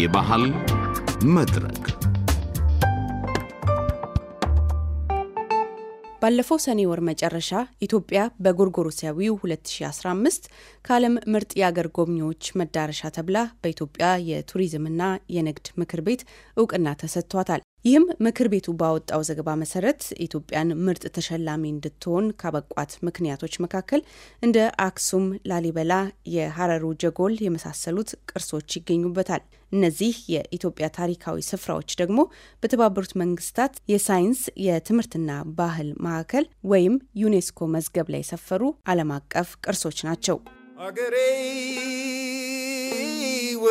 የባህል መድረክ ባለፈው ሰኔ ወር መጨረሻ ኢትዮጵያ በጎርጎሮሳዊው 2015 ከዓለም ምርጥ የአገር ጎብኚዎች መዳረሻ ተብላ በኢትዮጵያ የቱሪዝምና የንግድ ምክር ቤት እውቅና ተሰጥቷታል። ይህም ምክር ቤቱ ባወጣው ዘገባ መሰረት ኢትዮጵያን ምርጥ ተሸላሚ እንድትሆን ካበቋት ምክንያቶች መካከል እንደ አክሱም፣ ላሊበላ፣ የሀረሩ ጀጎል የመሳሰሉት ቅርሶች ይገኙበታል። እነዚህ የኢትዮጵያ ታሪካዊ ስፍራዎች ደግሞ በተባበሩት መንግስታት የሳይንስ የትምህርትና ባህል ማዕከል ወይም ዩኔስኮ መዝገብ ላይ የሰፈሩ ዓለም አቀፍ ቅርሶች ናቸው።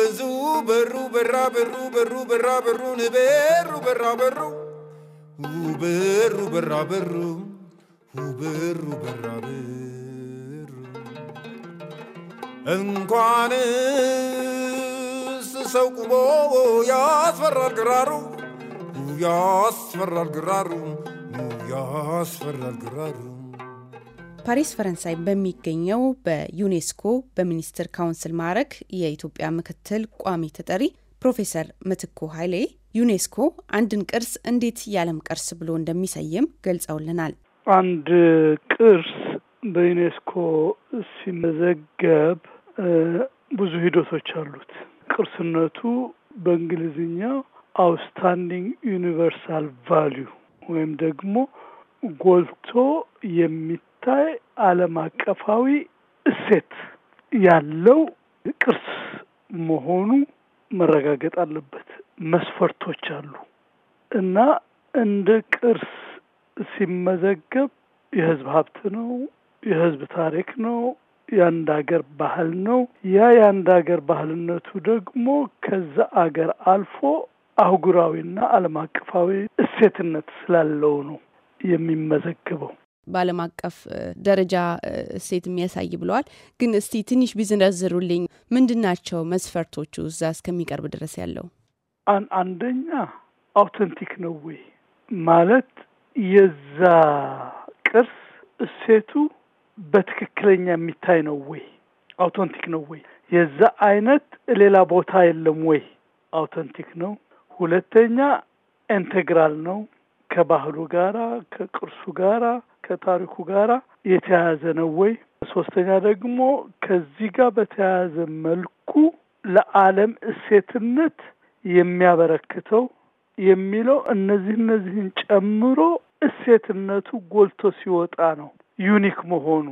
uzu uber uber raber uber uber raber uber uber raber uber uber raber uber uber raber እንኳንስ ሰው ቁሞ ያስፈራል ግራሩ ያስፈራል ግራሩ ያስፈራል ግራሩ ፓሪስ ፈረንሳይ በሚገኘው በዩኔስኮ በሚኒስትር ካውንስል ማዕረግ የኢትዮጵያ ምክትል ቋሚ ተጠሪ ፕሮፌሰር ምትኩ ኃይሌ ዩኔስኮ አንድን ቅርስ እንዴት የዓለም ቅርስ ብሎ እንደሚሰይም ገልጸውልናል። አንድ ቅርስ በዩኔስኮ ሲመዘገብ ብዙ ሂደቶች አሉት። ቅርስነቱ በእንግሊዝኛው አውትስታንዲንግ ዩኒቨርሳል ቫሊዩ ወይም ደግሞ ጎልቶ የሚ ሲታይ ዓለም አቀፋዊ እሴት ያለው ቅርስ መሆኑ መረጋገጥ አለበት። መስፈርቶች አሉ እና እንደ ቅርስ ሲመዘገብ የህዝብ ሀብት ነው፣ የህዝብ ታሪክ ነው፣ የአንድ ሀገር ባህል ነው። ያ የአንድ ሀገር ባህልነቱ ደግሞ ከዛ አገር አልፎ አህጉራዊና ዓለም አቀፋዊ እሴትነት ስላለው ነው የሚመዘግበው። በዓለም አቀፍ ደረጃ እሴት የሚያሳይ ብለዋል። ግን እስቲ ትንሽ ቢዘረዝሩልኝ ምንድን ናቸው መስፈርቶቹ? እዛ እስከሚቀርብ ድረስ ያለው አንደኛ አውተንቲክ ነው ወይ ማለት የዛ ቅርስ እሴቱ በትክክለኛ የሚታይ ነው ወይ አውተንቲክ ነው ወይ የዛ አይነት ሌላ ቦታ የለም ወይ አውተንቲክ ነው። ሁለተኛ ኢንቴግራል ነው ከባህሉ ጋራ ከቅርሱ ጋራ ከታሪኩ ጋራ የተያያዘ ነው ወይ? ሶስተኛ ደግሞ ከዚህ ጋር በተያያዘ መልኩ ለዓለም እሴትነት የሚያበረክተው የሚለው እነዚህ እነዚህን ጨምሮ እሴትነቱ ጎልቶ ሲወጣ ነው። ዩኒክ መሆኑ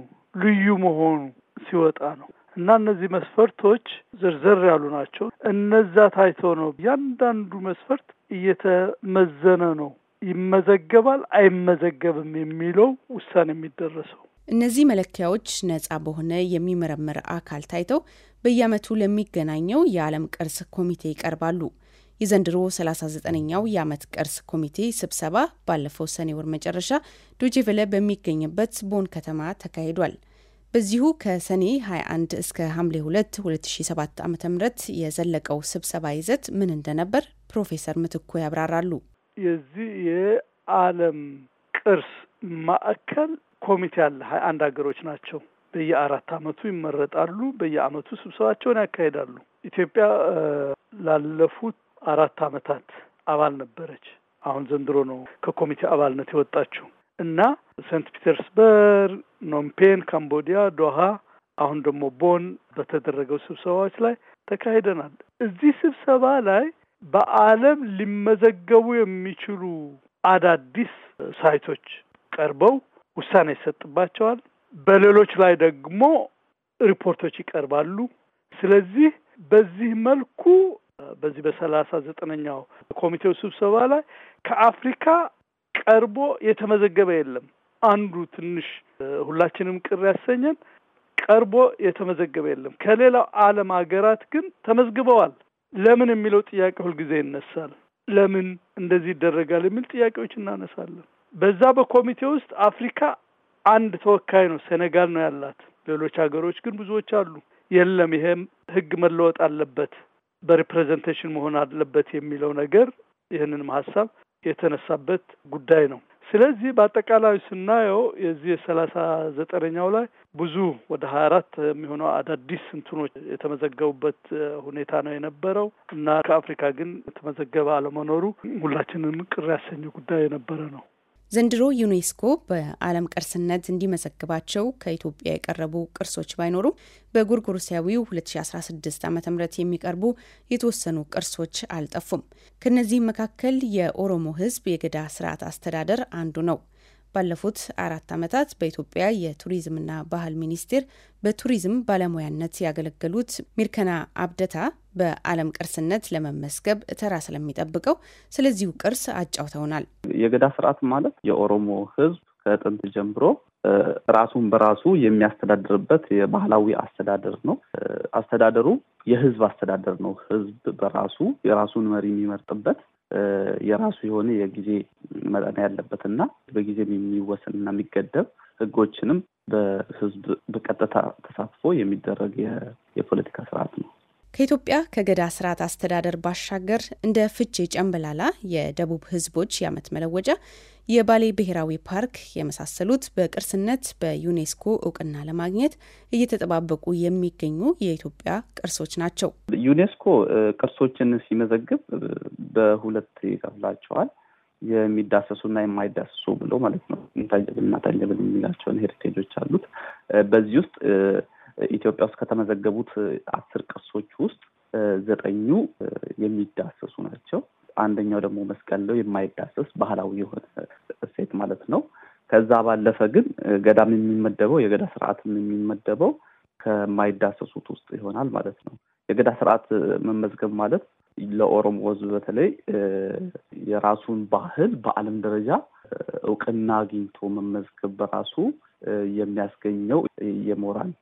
ልዩ መሆኑ ሲወጣ ነው። እና እነዚህ መስፈርቶች ዝርዝር ያሉ ናቸው። እነዛ ታይቶ ነው እያንዳንዱ መስፈርት እየተመዘነ ነው ይመዘገባል አይመዘገብም የሚለው ውሳኔ የሚደረሰው። እነዚህ መለኪያዎች ነጻ በሆነ የሚመረምር አካል ታይተው በየዓመቱ ለሚገናኘው የዓለም ቅርስ ኮሚቴ ይቀርባሉ። የዘንድሮ 39ኛው የዓመት ቅርስ ኮሚቴ ስብሰባ ባለፈው ሰኔ ወር መጨረሻ ዶጄቨለ በሚገኝበት ቦን ከተማ ተካሂዷል። በዚሁ ከሰኔ 21 እስከ ሐምሌ 2 2007 ዓ ም የዘለቀው ስብሰባ ይዘት ምን እንደነበር ፕሮፌሰር ምትኮ ያብራራሉ። የዚህ የዓለም ቅርስ ማዕከል ኮሚቴ አለ። ሀያ አንድ ሀገሮች ናቸው። በየአራት አመቱ ይመረጣሉ። በየአመቱ ስብሰባቸውን ያካሂዳሉ። ኢትዮጵያ ላለፉት አራት አመታት አባል ነበረች። አሁን ዘንድሮ ነው ከኮሚቴ አባልነት የወጣችው እና ሴንት ፒተርስበርግ፣ ኖምፔን ካምቦዲያ፣ ዶሃ አሁን ደግሞ ቦን በተደረገው ስብሰባዎች ላይ ተካሂደናል። እዚህ ስብሰባ ላይ በዓለም ሊመዘገቡ የሚችሉ አዳዲስ ሳይቶች ቀርበው ውሳኔ ይሰጥባቸዋል። በሌሎች ላይ ደግሞ ሪፖርቶች ይቀርባሉ። ስለዚህ በዚህ መልኩ በዚህ በሰላሳ ዘጠነኛው ኮሚቴው ስብሰባ ላይ ከአፍሪካ ቀርቦ የተመዘገበ የለም። አንዱ ትንሽ ሁላችንም ቅር ያሰኘን ቀርቦ የተመዘገበ የለም። ከሌላው ዓለም ሀገራት ግን ተመዝግበዋል። ለምን የሚለው ጥያቄ ሁልጊዜ ይነሳል። ለምን እንደዚህ ይደረጋል የሚል ጥያቄዎች እናነሳለን። በዛ በኮሚቴ ውስጥ አፍሪካ አንድ ተወካይ ነው፣ ሴኔጋል ነው ያላት። ሌሎች ሀገሮች ግን ብዙዎች አሉ። የለም ይሄም ህግ መለወጥ አለበት፣ በሪፕሬዘንቴሽን መሆን አለበት የሚለው ነገር ይህንንም ሀሳብ የተነሳበት ጉዳይ ነው። ስለዚህ በአጠቃላይ ስናየው የዚህ የሰላሳ ዘጠነኛው ላይ ብዙ ወደ ሀያ አራት የሚሆነው አዳዲስ እንትኖች የተመዘገቡበት ሁኔታ ነው የነበረው እና ከአፍሪካ ግን የተመዘገበ አለመኖሩ ሁላችንም ቅር ያሰኘ ጉዳይ የነበረ ነው። ዘንድሮ ዩኔስኮ በዓለም ቅርስነት እንዲመዘግባቸው ከኢትዮጵያ የቀረቡ ቅርሶች ባይኖሩም በጉርጉርሲያዊው 2016 ዓ ም የሚቀርቡ የተወሰኑ ቅርሶች አልጠፉም። ከእነዚህም መካከል የኦሮሞ ሕዝብ የገዳ ስርዓት አስተዳደር አንዱ ነው። ባለፉት አራት ዓመታት በኢትዮጵያ የቱሪዝምና ባህል ሚኒስቴር በቱሪዝም ባለሙያነት ያገለገሉት ሚርከና አብደታ በዓለም ቅርስነት ለመመስገብ ተራ ስለሚጠብቀው ስለዚሁ ቅርስ አጫውተውናል። የገዳ ስርዓት ማለት የኦሮሞ ሕዝብ ከጥንት ጀምሮ ራሱን በራሱ የሚያስተዳድርበት የባህላዊ አስተዳደር ነው። አስተዳደሩ የህዝብ አስተዳደር ነው። ህዝብ በራሱ የራሱን መሪ የሚመርጥበት የራሱ የሆነ የጊዜ መጠን ያለበት እና በጊዜ የሚወሰን እና የሚገደብ ህጎችንም በህዝብ በቀጥታ ተሳትፎ የሚደረግ የፖለቲካ ስርዓት ነው። ከኢትዮጵያ ከገዳ ስርዓት አስተዳደር ባሻገር እንደ ፍቼ ጨምበላላ የደቡብ ህዝቦች የዓመት መለወጫ፣ የባሌ ብሔራዊ ፓርክ የመሳሰሉት በቅርስነት በዩኔስኮ እውቅና ለማግኘት እየተጠባበቁ የሚገኙ የኢትዮጵያ ቅርሶች ናቸው። ዩኔስኮ ቅርሶችን ሲመዘግብ በሁለት ይከፍላቸዋል። የሚዳሰሱና የማይዳሰሱ ብሎ ማለት ነው። ታጀብና ታጀብን የሚላቸውን ሄሪቴጆች አሉት። በዚህ ውስጥ ኢትዮጵያ ውስጥ ከተመዘገቡት አስር ቅርሶች ውስጥ ዘጠኙ የሚዳሰሱ ናቸው። አንደኛው ደግሞ መስቀል ነው፣ የማይዳሰስ ባህላዊ የሆነ እሴት ማለት ነው። ከዛ ባለፈ ግን ገዳም የሚመደበው የገዳ ስርዓትም የሚመደበው ከማይዳሰሱት ውስጥ ይሆናል ማለት ነው። የገዳ ስርዓት መመዝገብ ማለት ለኦሮሞ ሕዝብ በተለይ የራሱን ባህል በዓለም ደረጃ እውቅና አግኝቶ መመዝገብ በራሱ የሚያስገኘው የሞራል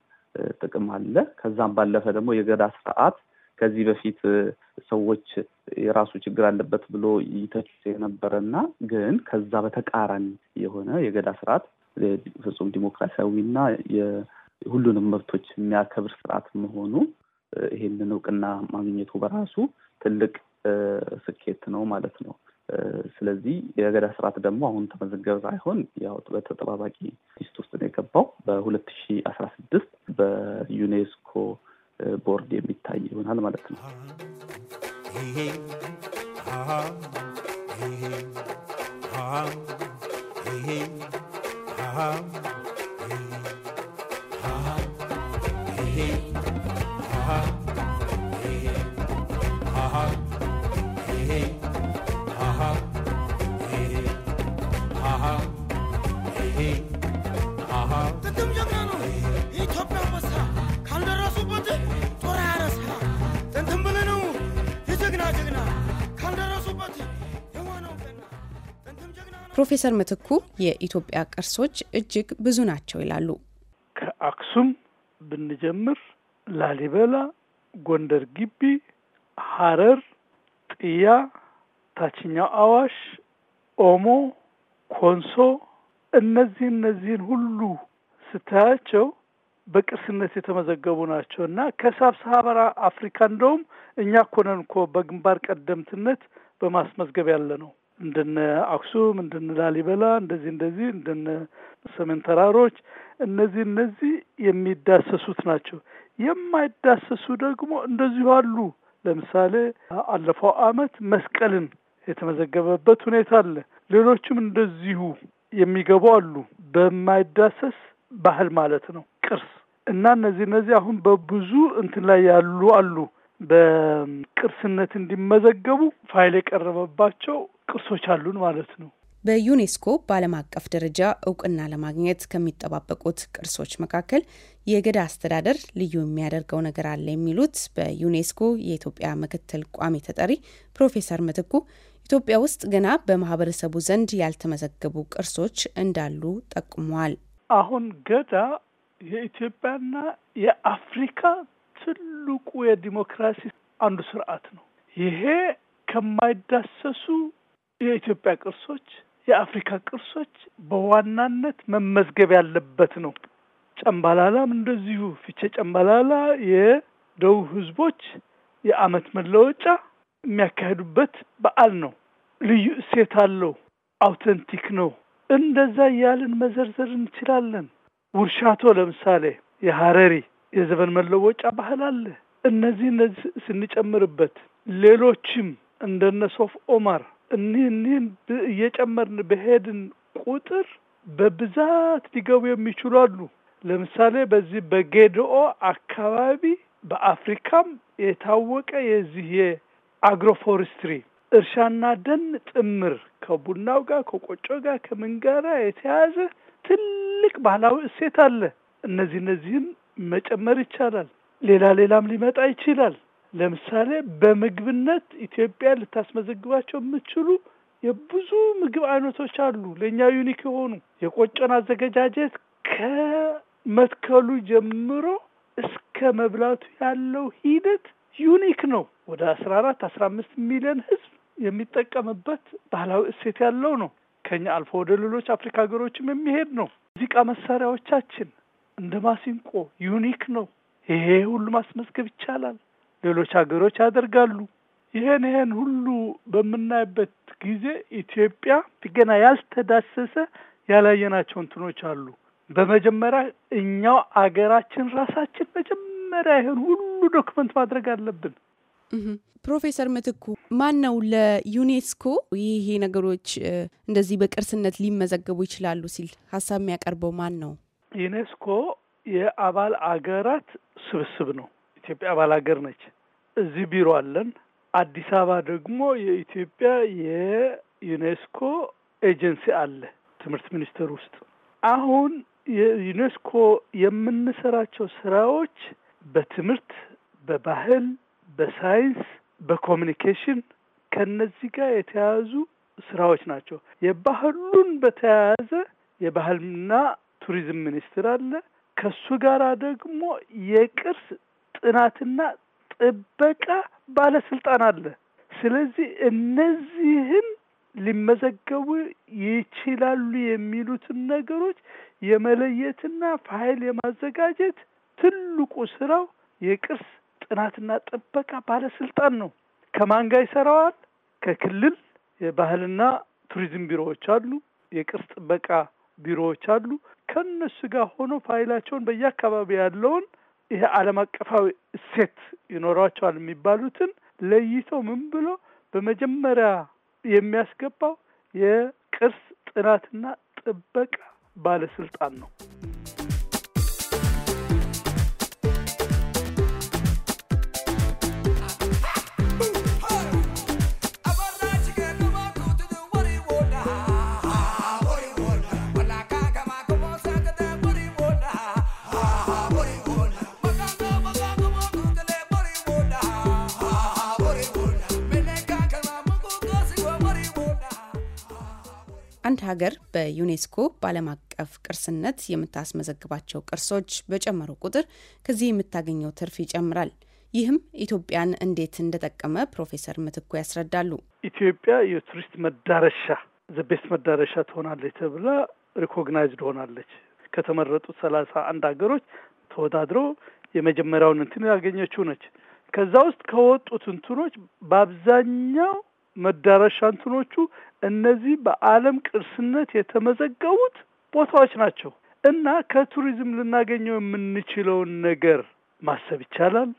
ጥቅም አለ። ከዛም ባለፈ ደግሞ የገዳ ስርዓት ከዚህ በፊት ሰዎች የራሱ ችግር አለበት ብሎ ይተች የነበረና ግን ከዛ በተቃራኒ የሆነ የገዳ ስርዓት ፍጹም ዲሞክራሲያዊና የሁሉንም መብቶች የሚያከብር ስርዓት መሆኑ ይሄንን እውቅና ማግኘቱ በራሱ ትልቅ ስኬት ነው ማለት ነው። ስለዚህ የገዳ ስርዓት ደግሞ አሁን ተመዘገበ ሳይሆን ያው በተጠባባቂ ሊስት ውስጥ ነው የገባው። በሁለት ሺ አስራ ስድስት በዩኔስኮ ቦርድ የሚታይ ይሆናል ማለት ነው። Hey ቅድም ጀግና ነው የኢትዮጵያ አንበሳ ካልደረሱበት ጦር ነው የጀግና ጀግና ካልደረሱበት ፕሮፌሰር ምትኩ የኢትዮጵያ ቅርሶች እጅግ ብዙ ናቸው ይላሉ። ከአክሱም ብንጀምር ላሊበላ፣ ጎንደር ግቢ፣ ሐረር፣ ጥያ፣ ታችኛው አዋሽ፣ ኦሞ፣ ኮንሶ እነዚህ እነዚህን ሁሉ ስታያቸው በቅርስነት የተመዘገቡ ናቸው እና ከሳብሳሃራ አፍሪካ እንደውም እኛ ኮነን እኮ በግንባር ቀደምትነት በማስመዝገብ ያለ ነው። እንደነ አክሱም፣ እንደነ ላሊበላ፣ እንደዚህ እንደዚህ እንደነ ሰሜን ተራሮች እነዚህ እነዚህ የሚዳሰሱት ናቸው። የማይዳሰሱ ደግሞ እንደዚሁ አሉ። ለምሳሌ አለፈው ዓመት መስቀልን የተመዘገበበት ሁኔታ አለ። ሌሎችም እንደዚሁ የሚገቡ አሉ። በማይዳሰስ ባህል ማለት ነው ቅርስ እና እነዚህ እነዚህ አሁን በብዙ እንትን ላይ ያሉ አሉ በቅርስነት እንዲመዘገቡ ፋይል የቀረበባቸው ቅርሶች አሉን ማለት ነው። በዩኔስኮ በዓለም አቀፍ ደረጃ እውቅና ለማግኘት ከሚጠባበቁት ቅርሶች መካከል የገዳ አስተዳደር ልዩ የሚያደርገው ነገር አለ የሚሉት በዩኔስኮ የኢትዮጵያ ምክትል ቋሚ ተጠሪ ፕሮፌሰር ምትኩ ኢትዮጵያ ውስጥ ገና በማህበረሰቡ ዘንድ ያልተመዘገቡ ቅርሶች እንዳሉ ጠቁመዋል። አሁን ገዳ የኢትዮጵያና የአፍሪካ ትልቁ የዲሞክራሲ አንዱ ስርዓት ነው። ይሄ ከማይዳሰሱ የኢትዮጵያ ቅርሶች፣ የአፍሪካ ቅርሶች በዋናነት መመዝገብ ያለበት ነው። ጨምባላላም እንደዚሁ ፊቼ ጨምባላላ የደቡብ ህዝቦች የአመት መለወጫ የሚያካሂዱበት በዓል ነው። ልዩ እሴት አለው። አውተንቲክ ነው። እንደዛ እያልን መዘርዘር እንችላለን። ውርሻቶ ለምሳሌ የሀረሪ የዘመን መለወጫ ባህል አለ። እነዚህ እነዚህ ስንጨምርበት ሌሎችም እንደነ ሶፍ ኦማር እኒህ እኒህን እየጨመርን በሄድን ቁጥር በብዛት ሊገቡ የሚችሉ አሉ። ለምሳሌ በዚህ በጌድኦ አካባቢ በአፍሪካም የታወቀ የዚህ የአግሮፎረስትሪ እርሻና ደን ጥምር ከቡናው ጋር ከቆጮ ጋር ከምን ጋራ የተያያዘ ትልቅ ባህላዊ እሴት አለ። እነዚህ እነዚህን መጨመር ይቻላል። ሌላ ሌላም ሊመጣ ይችላል። ለምሳሌ በምግብነት ኢትዮጵያ ልታስመዘግባቸው የምትችሉ የብዙ ምግብ አይነቶች አሉ። ለእኛ ዩኒክ የሆኑ የቆጮን አዘገጃጀት ከመትከሉ ጀምሮ እስከ መብላቱ ያለው ሂደት ዩኒክ ነው። ወደ አስራ አራት አስራ አምስት ሚሊዮን ህዝብ የሚጠቀምበት ባህላዊ እሴት ያለው ነው። ከኛ አልፎ ወደ ሌሎች አፍሪካ ሀገሮችም የሚሄድ ነው። ሙዚቃ መሳሪያዎቻችን እንደ ማሲንቆ ዩኒክ ነው። ይሄ ሁሉ ማስመዝገብ ይቻላል። ሌሎች ሀገሮች ያደርጋሉ። ይሄን ይሄን ሁሉ በምናይበት ጊዜ ኢትዮጵያ ገና ያልተዳሰሰ ያላየናቸው እንትኖች አሉ። በመጀመሪያ እኛው አገራችን ራሳችን መጀመሪያ ይሄን ሁሉ ዶክመንት ማድረግ አለብን። ፕሮፌሰር ምትኩ ማን ነው ለዩኔስኮ ይሄ ነገሮች እንደዚህ በቅርስነት ሊመዘገቡ ይችላሉ ሲል ሀሳብ የሚያቀርበው ማን ነው? ዩኔስኮ የአባል አገራት ስብስብ ነው። ኢትዮጵያ አባል አገር ነች። እዚህ ቢሮ አለን። አዲስ አበባ ደግሞ የኢትዮጵያ የዩኔስኮ ኤጀንሲ አለ ትምህርት ሚኒስቴር ውስጥ። አሁን የዩኔስኮ የምንሰራቸው ስራዎች በትምህርት፣ በባህል በሳይንስ፣ በኮሚኒኬሽን ከነዚህ ጋር የተያያዙ ስራዎች ናቸው። የባህሉን በተያያዘ የባህልና ቱሪዝም ሚኒስቴር አለ። ከሱ ጋር ደግሞ የቅርስ ጥናትና ጥበቃ ባለስልጣን አለ። ስለዚህ እነዚህን ሊመዘገቡ ይችላሉ የሚሉትን ነገሮች የመለየትና ፋይል የማዘጋጀት ትልቁ ስራው የቅርስ ጥናትና ጥበቃ ባለስልጣን ነው። ከማን ጋር ይሰራዋል? ከክልል የባህልና ቱሪዝም ቢሮዎች አሉ፣ የቅርስ ጥበቃ ቢሮዎች አሉ። ከነሱ ጋር ሆኖ ፋይላቸውን በየአካባቢ ያለውን ይሄ ዓለም አቀፋዊ እሴት ይኖሯቸዋል የሚባሉትን ለይቶ ምን ብሎ በመጀመሪያ የሚያስገባው የቅርስ ጥናትና ጥበቃ ባለስልጣን ነው። አንድ ሀገር በዩኔስኮ በዓለም አቀፍ ቅርስነት የምታስመዘግባቸው ቅርሶች በጨመሩ ቁጥር ከዚህ የምታገኘው ትርፍ ይጨምራል። ይህም ኢትዮጵያን እንዴት እንደጠቀመ ፕሮፌሰር ምትኩ ያስረዳሉ። ኢትዮጵያ የቱሪስት መዳረሻ ዘቤት መዳረሻ ትሆናለች ተብላ ሪኮግናይዝድ ሆናለች። ከተመረጡት ሰላሳ አንድ ሀገሮች ተወዳድረው የመጀመሪያውን እንትን ያገኘችው ነች። ከዛ ውስጥ ከወጡት እንትኖች በአብዛኛው መዳረሻ እንትኖቹ እነዚህ በዓለም ቅርስነት የተመዘገቡት ቦታዎች ናቸው እና ከቱሪዝም ልናገኘው የምንችለውን ነገር ማሰብ ይቻላል።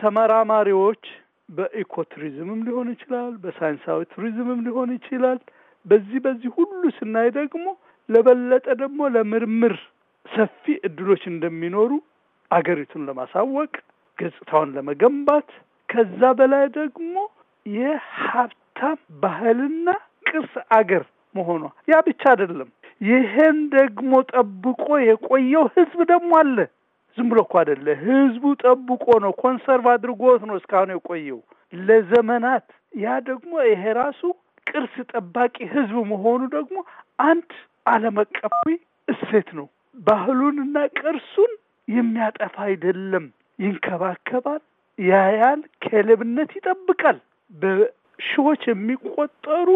ተመራማሪዎች በኢኮቱሪዝምም ሊሆን ይችላል፣ በሳይንሳዊ ቱሪዝምም ሊሆን ይችላል። በዚህ በዚህ ሁሉ ስናይ ደግሞ ለበለጠ ደግሞ ለምርምር ሰፊ እድሎች እንደሚኖሩ አገሪቱን ለማሳወቅ ገጽታውን ለመገንባት ከዛ በላይ ደግሞ የሀብት ሀብታም ባህልና ቅርስ አገር መሆኗ ያ ብቻ አይደለም። ይህን ደግሞ ጠብቆ የቆየው ህዝብ ደግሞ አለ። ዝም ብሎ እኮ አይደለ፣ ህዝቡ ጠብቆ ነው ኮንሰርቭ አድርጎት ነው እስካሁን የቆየው ለዘመናት። ያ ደግሞ ይሄ ራሱ ቅርስ ጠባቂ ህዝብ መሆኑ ደግሞ አንድ ዓለም አቀፋዊ እሴት ነው። ባህሉንና ቅርሱን የሚያጠፋ አይደለም፣ ይንከባከባል፣ ያያል፣ ከሌብነት ይጠብቃል። ሺዎች የሚቆጠሩ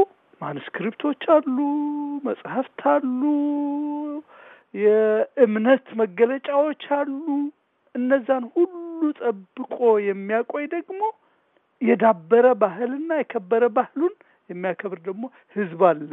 ማንስክሪፕቶች አሉ፣ መጽሐፍት አሉ፣ የእምነት መገለጫዎች አሉ። እነዛን ሁሉ ጠብቆ የሚያቆይ ደግሞ የዳበረ ባህልና የከበረ ባህሉን የሚያከብር ደግሞ ህዝብ አለ።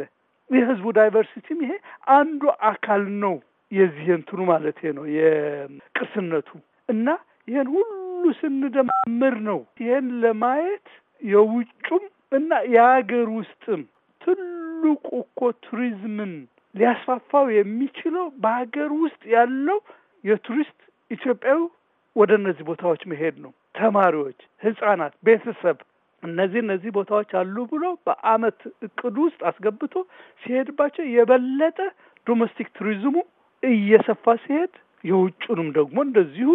የህዝቡ ዳይቨርሲቲም ይሄ አንዱ አካል ነው የዚህ እንትኑ ማለት ነው የቅርስነቱ እና ይህን ሁሉ ስንደማምር ነው ይህን ለማየት የውጩም እና የሀገር ውስጥም ትልቁ እኮ ቱሪዝምን ሊያስፋፋው የሚችለው በሀገር ውስጥ ያለው የቱሪስት ኢትዮጵያዊ ወደ እነዚህ ቦታዎች መሄድ ነው። ተማሪዎች፣ ህጻናት፣ ቤተሰብ እነዚህ እነዚህ ቦታዎች አሉ ብሎ በአመት እቅዱ ውስጥ አስገብቶ ሲሄድባቸው የበለጠ ዶሜስቲክ ቱሪዝሙ እየሰፋ ሲሄድ የውጩንም ደግሞ እንደዚሁ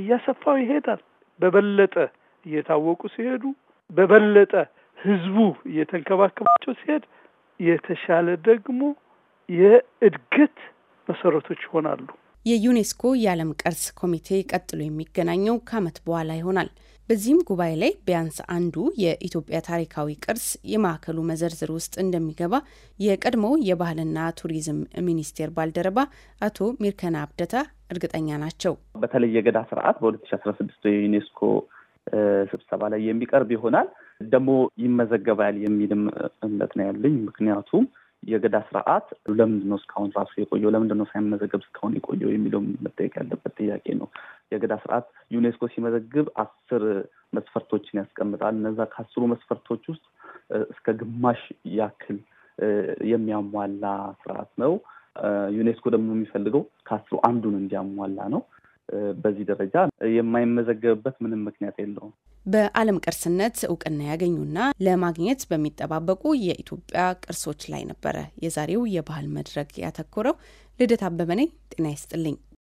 እያሰፋው ይሄዳል። በበለጠ እየታወቁ ሲሄዱ በበለጠ ህዝቡ እየተንከባከባቸው ሲሄድ የተሻለ ደግሞ የእድገት መሰረቶች ይሆናሉ። የዩኔስኮ የዓለም ቅርስ ኮሚቴ ቀጥሎ የሚገናኘው ከዓመት በኋላ ይሆናል። በዚህም ጉባኤ ላይ ቢያንስ አንዱ የኢትዮጵያ ታሪካዊ ቅርስ የማዕከሉ መዘርዝር ውስጥ እንደሚገባ የቀድሞው የባህልና ቱሪዝም ሚኒስቴር ባልደረባ አቶ ሚርከና አብደታ እርግጠኛ ናቸው። በተለይ የገዳ ስርዓት በ2016 የዩኔስኮ ስብሰባ ላይ የሚቀርብ ይሆናል። ደግሞ ይመዘገባል የሚልም እምነት ነው ያለኝ። ምክንያቱም የገዳ ስርዓት ለምንድን ነው እስካሁን ራሱ የቆየው? ለምንድን ነው ሳይመዘገብ እስካሁን የቆየው የሚለው መጠየቅ ያለበት ጥያቄ ነው። የገዳ ስርዓት ዩኔስኮ ሲመዘግብ አስር መስፈርቶችን ያስቀምጣል። እነዛ ከአስሩ መስፈርቶች ውስጥ እስከ ግማሽ ያክል የሚያሟላ ስርዓት ነው። ዩኔስኮ ደግሞ የሚፈልገው ከአስሩ አንዱን እንዲያሟላ ነው። በዚህ ደረጃ የማይመዘገብበት ምንም ምክንያት የለውም። በዓለም ቅርስነት እውቅና ያገኙና ለማግኘት በሚጠባበቁ የኢትዮጵያ ቅርሶች ላይ ነበረ የዛሬው የባህል መድረክ ያተኮረው። ልደት አበበ ነኝ። ጤና ይስጥልኝ።